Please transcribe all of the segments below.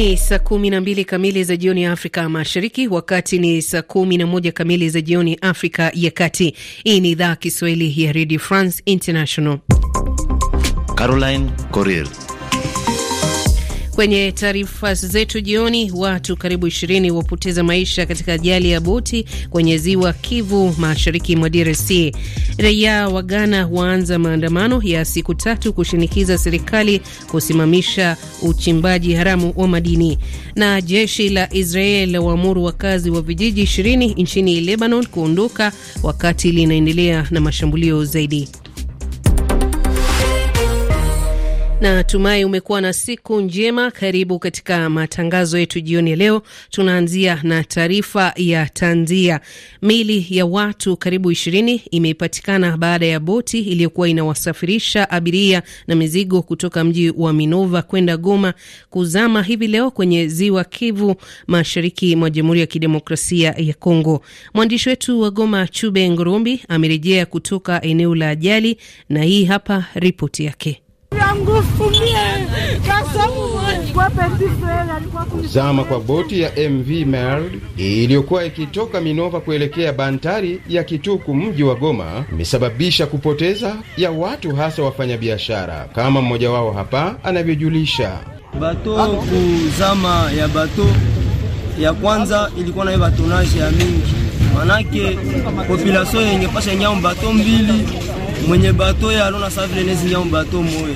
Ni saa kumi na mbili kamili za jioni Afrika Mashariki, wakati ni saa kumi na moja kamili za jioni Afrika ya Kati. Hii ni idhaa Kiswahili ya Radio France International. Caroline Coril Kwenye taarifa zetu jioni, watu karibu ishirini wapoteza maisha katika ajali ya boti kwenye ziwa Kivu mashariki mwa DRC. Raia wa Ghana waanza maandamano ya siku tatu kushinikiza serikali kusimamisha uchimbaji haramu wa madini. Na jeshi la Israel la waamuru wakazi wa vijiji ishirini nchini Lebanon kuondoka wakati linaendelea na mashambulio zaidi. Na tumai umekuwa na siku njema. Karibu katika matangazo yetu jioni ya leo. Tunaanzia na taarifa ya tanzia. Mili ya watu karibu ishirini imepatikana baada ya boti iliyokuwa inawasafirisha abiria na mizigo kutoka mji wa Minova kwenda Goma kuzama hivi leo kwenye ziwa Kivu, mashariki mwa Jamhuri ya Kidemokrasia ya Kongo. Mwandishi wetu wa Goma, Chube Ngurumbi, amerejea kutoka eneo la ajali na hii hapa ripoti yake. Kuzama kwa boti ya MV Merl iliyokuwa ikitoka Minova kuelekea bandari ya Kituku, mji wa Goma, imesababisha kupoteza ya watu, hasa wafanyabiashara, kama mmoja wao hapa anavyojulisha. Bato kuzama ya bato ya kwanza ilikuwa nayo batonaje ya mingi, manake populasio yenye pasha nyao bato mbili mwenye bato ya alona savile nezingia mbato moya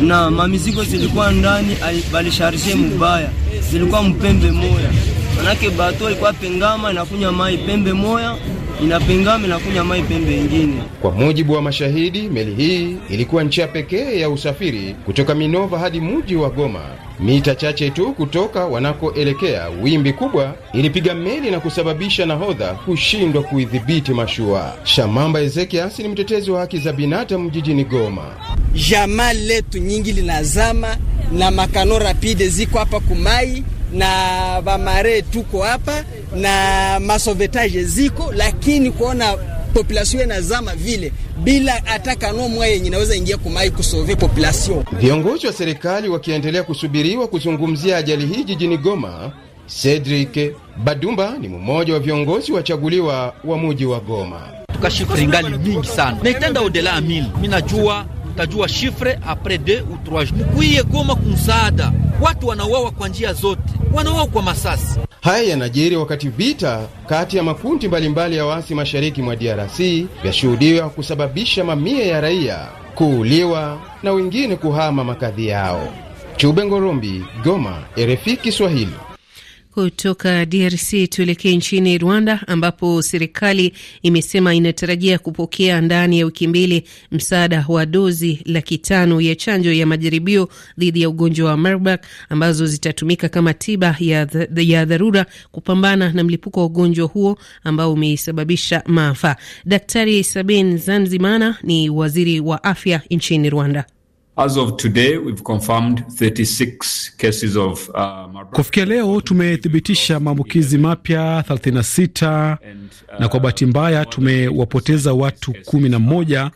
na mamizigo zilikuwa ndani balisharge mubaya, zilikuwa mpembe moya, manake bato ilikuwa pengama inakunya mai pembe moya inapingama inakunya mai pembe ingine. Kwa mujibu wa mashahidi, meli hii ilikuwa njia pekee ya usafiri kutoka Minova hadi mji wa Goma. Mita chache tu kutoka wanakoelekea, wimbi kubwa ilipiga meli na kusababisha nahodha kushindwa kuidhibiti mashua. Shamamba Ezekiasi ni mtetezi wa haki za binadamu jijini Goma. Jamaa letu nyingi linazama na makano rapide ziko hapa kumai na bamare tuko hapa na masovetage ziko, lakini kuona population inazama vile bila hata kano mwa yenye naweza ingia kumai kusove population. Viongozi wa serikali wakiendelea kusubiriwa kuzungumzia ajali hii jijini Goma. Cedric Badumba ni mmoja wa viongozi wachaguliwa wa muji wa Goma. tukashifre ngali nyingi sana naitenda odela mili minajua tajua shifre apres 2 ou 3 mkuiye Goma kumsaada watu wanauawa kwa njia zote wanaokwa masasi. Haya yanajiri wakati vita kati ya makundi mbalimbali ya waasi mashariki mwa DRC vyashuhudiwa kusababisha mamia ya raia kuuliwa na wengine kuhama makazi yao. Chube Ngorombi, Goma, RFI Kiswahili. Kutoka DRC tuelekee nchini Rwanda ambapo serikali imesema inatarajia kupokea ndani ya wiki mbili msaada wa dozi laki tano ya chanjo ya majaribio dhidi ya ugonjwa wa Marburg ambazo zitatumika kama tiba ya, th ya dharura kupambana na mlipuko wa ugonjwa huo ambao umesababisha maafa. Daktari Sabin Zanzimana ni waziri wa afya nchini Rwanda. Uh, Kufikia leo tumethibitisha maambukizi mapya 36 na kwa bahati uh, mbaya tumewapoteza watu 11.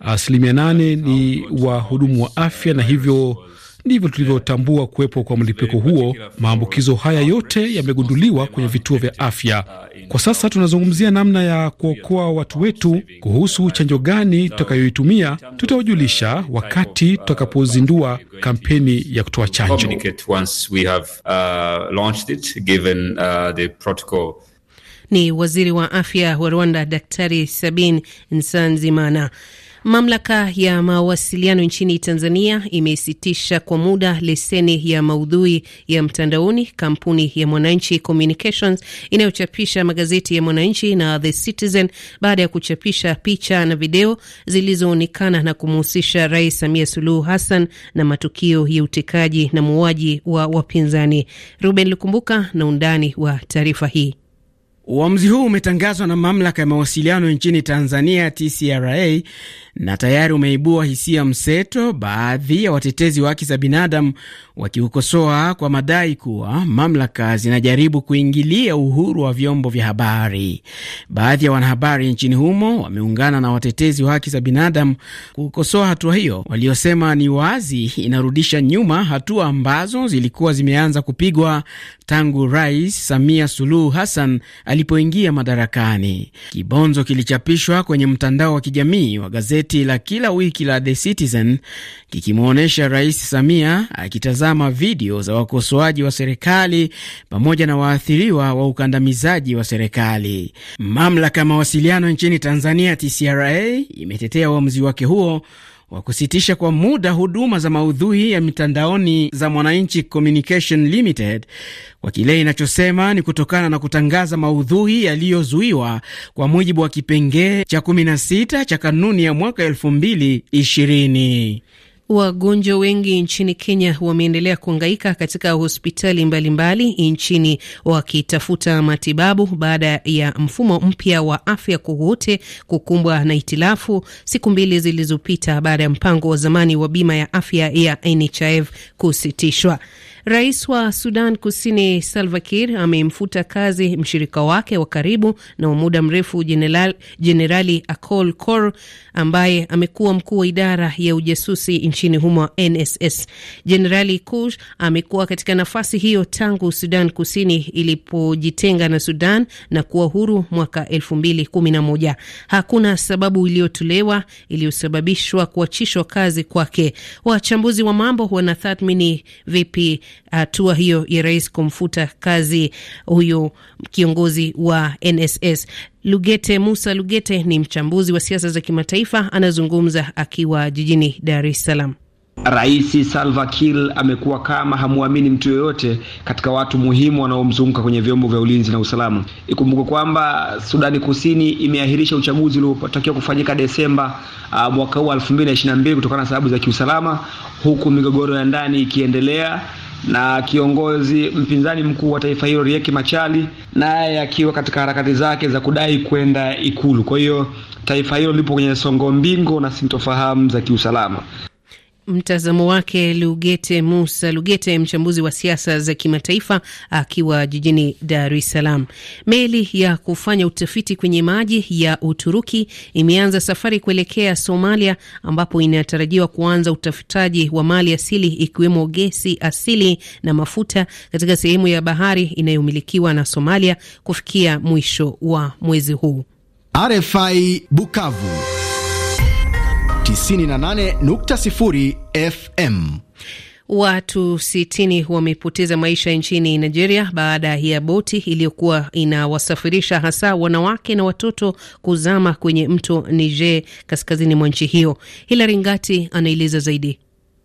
Asilimia 8 ni wahudumu wa uh, afya na hivyo Ndivyo tulivyotambua kuwepo kwa mlipuko huo. Maambukizo haya yote yamegunduliwa kwenye vituo vya afya. Kwa sasa tunazungumzia namna ya kuokoa watu wetu. Kuhusu chanjo gani tutakayoitumia, tutawajulisha wakati tutakapozindua kampeni ya kutoa chanjo. Uh, uh, Ni waziri wa afya wa Rwanda, Daktari Sabin Nsanzimana. Mamlaka ya mawasiliano nchini Tanzania imesitisha kwa muda leseni ya maudhui ya mtandaoni kampuni ya Mwananchi Communications inayochapisha magazeti ya Mwananchi na The Citizen baada ya kuchapisha picha na video zilizoonekana na kumhusisha Rais Samia Suluhu Hassan na matukio ya utekaji na muuaji wa wapinzani. Ruben Lukumbuka na undani wa taarifa hii. Uamuzi huu umetangazwa na mamlaka ya mawasiliano nchini Tanzania, TCRA, na tayari umeibua hisia mseto, baadhi ya watetezi wa haki za binadamu wakiukosoa kwa madai kuwa mamlaka zinajaribu kuingilia uhuru wa vyombo vya habari. Baadhi ya wanahabari nchini humo wameungana na watetezi wa haki za binadamu kukosoa hatua hiyo, waliosema ni wazi inarudisha nyuma hatua ambazo zilikuwa zimeanza kupigwa tangu Rais Samia Suluhu Hassan alipoingia madarakani. Kibonzo kilichapishwa kwenye mtandao wa kijamii wa gazeti la kila wiki la The Citizen kikimwonyesha Rais Samia akitazama kutazama video za wakosoaji wa serikali pamoja na waathiriwa wa ukandamizaji wa serikali. Mamlaka ya mawasiliano nchini Tanzania, TCRA, imetetea uamuzi wake huo wa kusitisha kwa muda huduma za maudhui ya mitandaoni za Mwananchi Communication Limited kwa kile inachosema ni kutokana na kutangaza maudhui yaliyozuiwa kwa mujibu wa kipengee cha 16 cha kanuni ya mwaka 2020. Wagonjwa wengi nchini Kenya wameendelea kuangaika katika hospitali mbalimbali nchini wakitafuta matibabu baada ya mfumo mpya wa afya kwa kukumbwa na hitilafu siku mbili zilizopita baada ya mpango wa zamani wa bima ya afya ya NHIF kusitishwa. Rais wa Sudan Kusini Salva Kiir amemfuta kazi mshirika wake wa karibu na wa muda mrefu Jenerali Akol Kor ambaye amekuwa mkuu wa idara ya ujasusi nchini humo NSS. Jenerali Kush amekuwa katika nafasi hiyo tangu Sudan Kusini ilipojitenga na Sudan na kuwa huru mwaka 2011. Hakuna sababu iliyotolewa iliyosababishwa kuachishwa kazi kwake. Wachambuzi wa mambo wanatathmini vipi hatua hiyo ya rais kumfuta kazi huyu kiongozi wa NSS. Lugete Musa Lugete ni mchambuzi wa siasa za kimataifa, anazungumza akiwa jijini Dar es Salaam. Rais Salva Kiir amekuwa kama hamwamini mtu yoyote katika watu muhimu wanaomzunguka kwenye vyombo vya ulinzi na usalama. Ikumbuke kwamba Sudani Kusini imeahirisha uchaguzi uliotakiwa kufanyika Desemba uh, mwaka huu 2022 kutokana na sababu za kiusalama, huku migogoro ya ndani ikiendelea na kiongozi mpinzani mkuu wa taifa hilo Rieki Machali naye akiwa katika harakati zake za kudai kwenda Ikulu. Kwa hiyo taifa hilo lipo kwenye songo mbingo na sintofahamu za kiusalama mtazamo wake Lugete Musa Lugete, mchambuzi wa siasa za kimataifa akiwa jijini Dar es Salaam. Meli ya kufanya utafiti kwenye maji ya Uturuki imeanza safari kuelekea Somalia, ambapo inatarajiwa kuanza utafutaji wa mali asili ikiwemo gesi asili na mafuta katika sehemu ya bahari inayomilikiwa na Somalia kufikia mwisho wa mwezi huu. RFI Bukavu 98.0 FM. Watu sitini wamepoteza maisha nchini Nigeria baada ya boti iliyokuwa inawasafirisha hasa wanawake na watoto kuzama kwenye mto Niger kaskazini mwa nchi hiyo. Hilari Ngati anaeleza zaidi.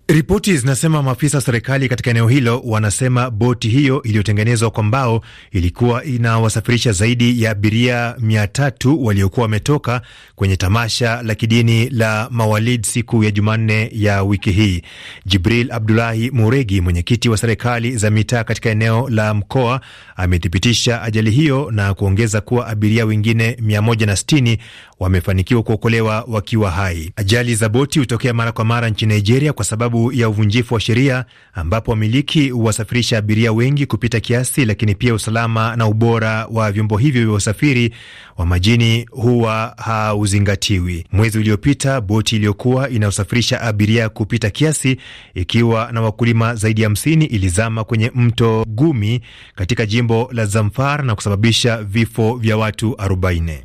Ripoti zinasema maafisa wa serikali katika eneo hilo wanasema boti hiyo iliyotengenezwa kwa mbao ilikuwa inawasafirisha zaidi ya abiria mia tatu waliokuwa wametoka kwenye tamasha la kidini la Mawalid siku ya Jumanne ya wiki hii. Jibril Abdulahi Muregi, mwenyekiti wa serikali za mitaa katika eneo la mkoa, amethibitisha ajali hiyo na kuongeza kuwa abiria wengine 160 wamefanikiwa kuokolewa wakiwa hai. Ajali za boti hutokea mara kwa mara nchini Nigeria kwa sababu sababu ya uvunjifu wa sheria, ambapo wamiliki huwasafirisha abiria wengi kupita kiasi, lakini pia usalama na ubora wa vyombo hivyo vya usafiri wa majini huwa hauzingatiwi. Mwezi uliopita boti iliyokuwa inayosafirisha abiria kupita kiasi ikiwa na wakulima zaidi ya hamsini ilizama kwenye mto Gumi katika jimbo la Zamfara na kusababisha vifo vya watu 40.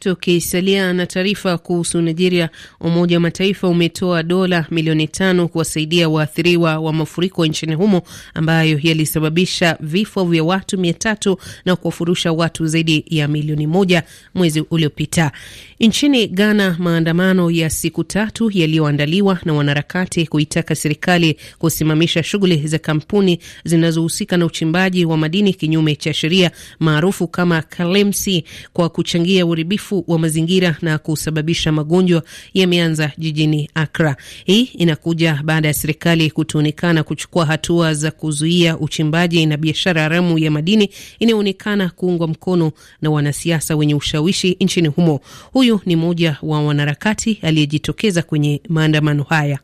Tukisalia na taarifa kuhusu Nigeria, Umoja wa Mataifa umetoa dola milioni tano kuwasaidia waathiriwa wa mafuriko nchini humo ambayo yalisababisha vifo vya watu mia tatu na kuwafurusha watu zaidi ya milioni moja mwezi uliopita. Nchini Ghana, maandamano ya siku tatu yaliyoandaliwa na wanaharakati kuitaka serikali kusimamisha shughuli za kampuni zinazohusika na uchimbaji wa madini kinyume cha sheria maarufu kama kalemsi, kwa kuchangia uharibifu wa mazingira na kusababisha magonjwa yameanza jijini Akra. Hii inakuja baada ya serikali kutoonekana kuchukua hatua za kuzuia uchimbaji na biashara haramu ya madini inayoonekana kuungwa mkono na wanasiasa wenye ushawishi nchini humo. Huyu Huyu ni mmoja wa wanaharakati aliyejitokeza kwenye maandamano haya.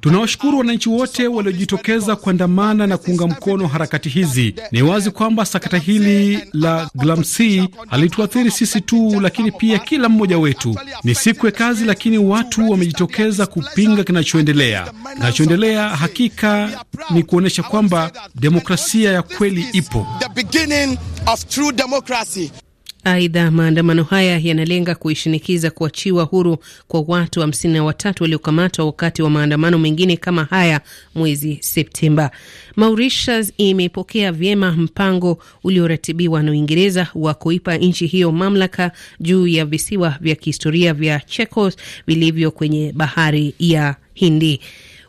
Tunawashukuru wananchi wote waliojitokeza kuandamana na kuunga mkono harakati hizi. Ni wazi kwamba sakata hili la GLAMC halituathiri sisi tu, lakini pia kila mmoja wetu. Ni siku ya kazi, lakini watu wamejitokeza kupinga kinachoendelea. Kinachoendelea hakika ni kuonyesha kwamba demokrasia ya kweli ipo. Aidha, maandamano haya yanalenga kuishinikiza kuachiwa huru kwa watu hamsini na watatu waliokamatwa wakati wa maandamano mengine kama haya mwezi Septemba. Mauritius imepokea vyema mpango ulioratibiwa na Uingereza wa kuipa nchi hiyo mamlaka juu ya visiwa vya kihistoria vya Chagos vilivyo kwenye bahari ya Hindi.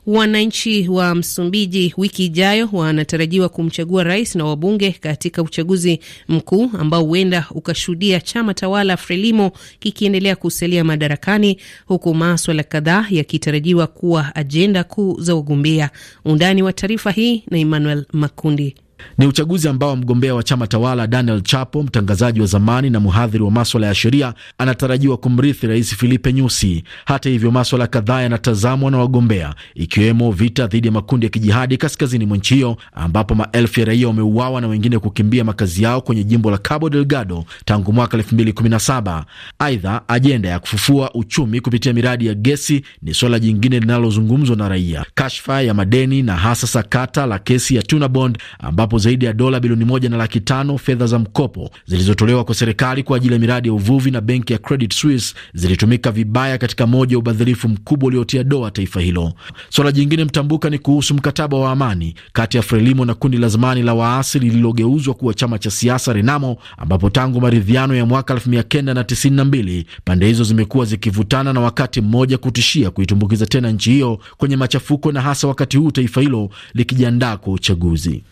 Wananchi wa Msumbiji wiki ijayo wanatarajiwa kumchagua rais na wabunge katika uchaguzi mkuu ambao huenda ukashuhudia chama tawala Frelimo kikiendelea kusalia madarakani, huku maswala kadhaa yakitarajiwa kuwa ajenda kuu za wagombea. Undani wa taarifa hii na Emmanuel Makundi. Ni uchaguzi ambao mgombea wa chama tawala Daniel Chapo, mtangazaji wa zamani na mhadhiri wa maswala ya sheria, anatarajiwa kumrithi Rais Filipe Nyusi. Hata hivyo, maswala kadhaa yanatazamwa na wagombea, ikiwemo vita dhidi ya makundi ya kijihadi kaskazini mwa nchi hiyo, ambapo maelfu ya raia wameuawa na wengine kukimbia makazi yao kwenye jimbo la Cabo Delgado tangu mwaka 2017. Aidha, ajenda ya kufufua uchumi kupitia miradi ya gesi ni swala jingine linalozungumzwa na raia. Kashfa ya madeni na hasa sakata la kesi ya Tunabond ambapo ambapo zaidi ya dola bilioni moja na laki tano fedha za mkopo zilizotolewa kwa serikali kwa ajili ya miradi ya uvuvi na benki ya Credit Suisse zilitumika vibaya katika moja ya ubadhirifu mkubwa uliotia doa taifa hilo. Suala jingine mtambuka ni kuhusu mkataba wa amani kati ya Frelimo na kundi la zamani la waasi lililogeuzwa kuwa chama cha siasa Renamo, ambapo tangu maridhiano ya mwaka 1992 pande hizo zimekuwa zikivutana na wakati mmoja kutishia kuitumbukiza tena nchi hiyo kwenye machafuko na hasa wakati huu taifa hilo likijiandaa kwa uchaguzi.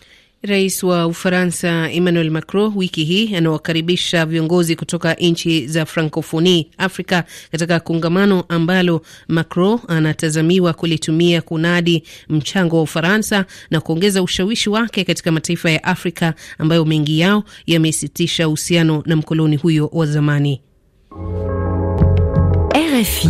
Rais wa Ufaransa Emmanuel Macron wiki hii anawakaribisha viongozi kutoka nchi za Frankofoni Afrika katika kongamano ambalo Macron anatazamiwa kulitumia kunadi mchango wa Ufaransa na kuongeza ushawishi wake katika mataifa ya Afrika ambayo mengi yao yamesitisha uhusiano na mkoloni huyo wa zamani. RFI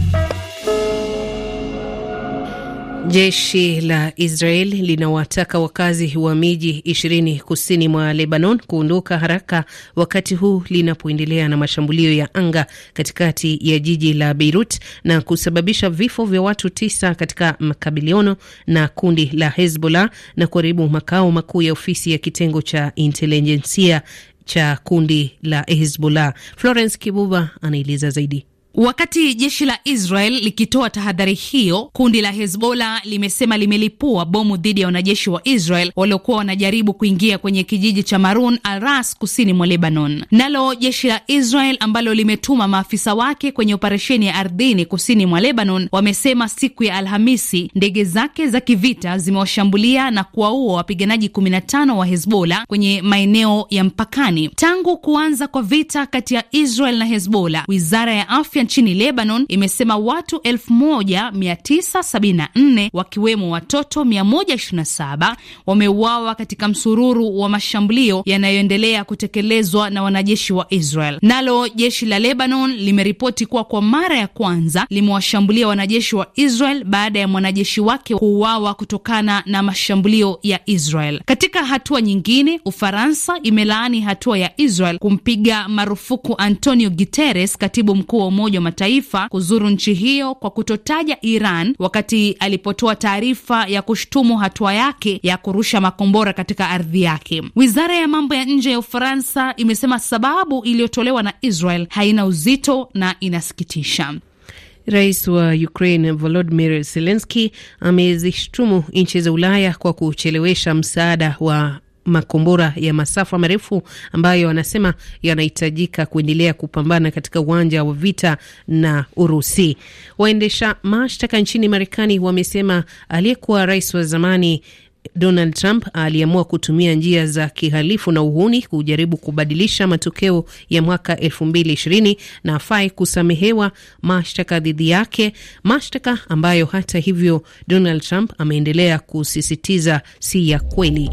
Jeshi la Israel linawataka wakazi wa miji ishirini kusini mwa Lebanon kuondoka haraka wakati huu linapoendelea na mashambulio ya anga katikati ya jiji la Beirut na kusababisha vifo vya watu tisa katika makabiliano na kundi la Hezbollah na kuharibu makao makuu ya ofisi ya kitengo cha intelijensia cha kundi la Hezbollah. Florence Kibuba anaeleza zaidi. Wakati jeshi la Israel likitoa tahadhari hiyo, kundi la hezbola limesema limelipua bomu dhidi ya wanajeshi wa Israel waliokuwa wanajaribu kuingia kwenye kijiji cha Marun al Ras kusini mwa Lebanon. Nalo jeshi la Israel ambalo limetuma maafisa wake kwenye operesheni ya ardhini kusini mwa Lebanon wamesema siku ya Alhamisi ndege zake za kivita zimewashambulia na kuwaua wapiganaji 15 wa hezbola kwenye maeneo ya mpakani. Tangu kuanza kwa vita kati ya Israel na hezbola wizara ya afya afya nchini Lebanon imesema watu 1974 wakiwemo watoto 127 wameuawa katika msururu wa mashambulio yanayoendelea kutekelezwa na wanajeshi wa Israel. Nalo jeshi la Lebanon limeripoti kuwa kwa mara ya kwanza limewashambulia wanajeshi wa Israel baada ya mwanajeshi wake kuuawa kutokana na mashambulio ya Israel. Katika hatua nyingine, Ufaransa imelaani hatua ya Israel kumpiga marufuku Antonio Guterres, katibu mkuu wa Umoja Umoja wa Mataifa kuzuru nchi hiyo kwa kutotaja Iran wakati alipotoa taarifa ya kushtumu hatua yake ya kurusha makombora katika ardhi yake. Wizara ya mambo ya nje ya Ufaransa imesema sababu iliyotolewa na Israel haina uzito na inasikitisha. Rais wa Ukraine volodimir zelenski amezishtumu nchi za Ulaya kwa kuchelewesha msaada wa makombora ya masafa marefu ambayo anasema yanahitajika kuendelea kupambana katika uwanja wa vita na Urusi. Waendesha mashtaka nchini Marekani wamesema aliyekuwa rais wa zamani Donald Trump aliamua kutumia njia za kihalifu na uhuni kujaribu kubadilisha matokeo ya mwaka 2020 na afai kusamehewa mashtaka dhidi yake, mashtaka ambayo hata hivyo Donald Trump ameendelea kusisitiza si ya kweli.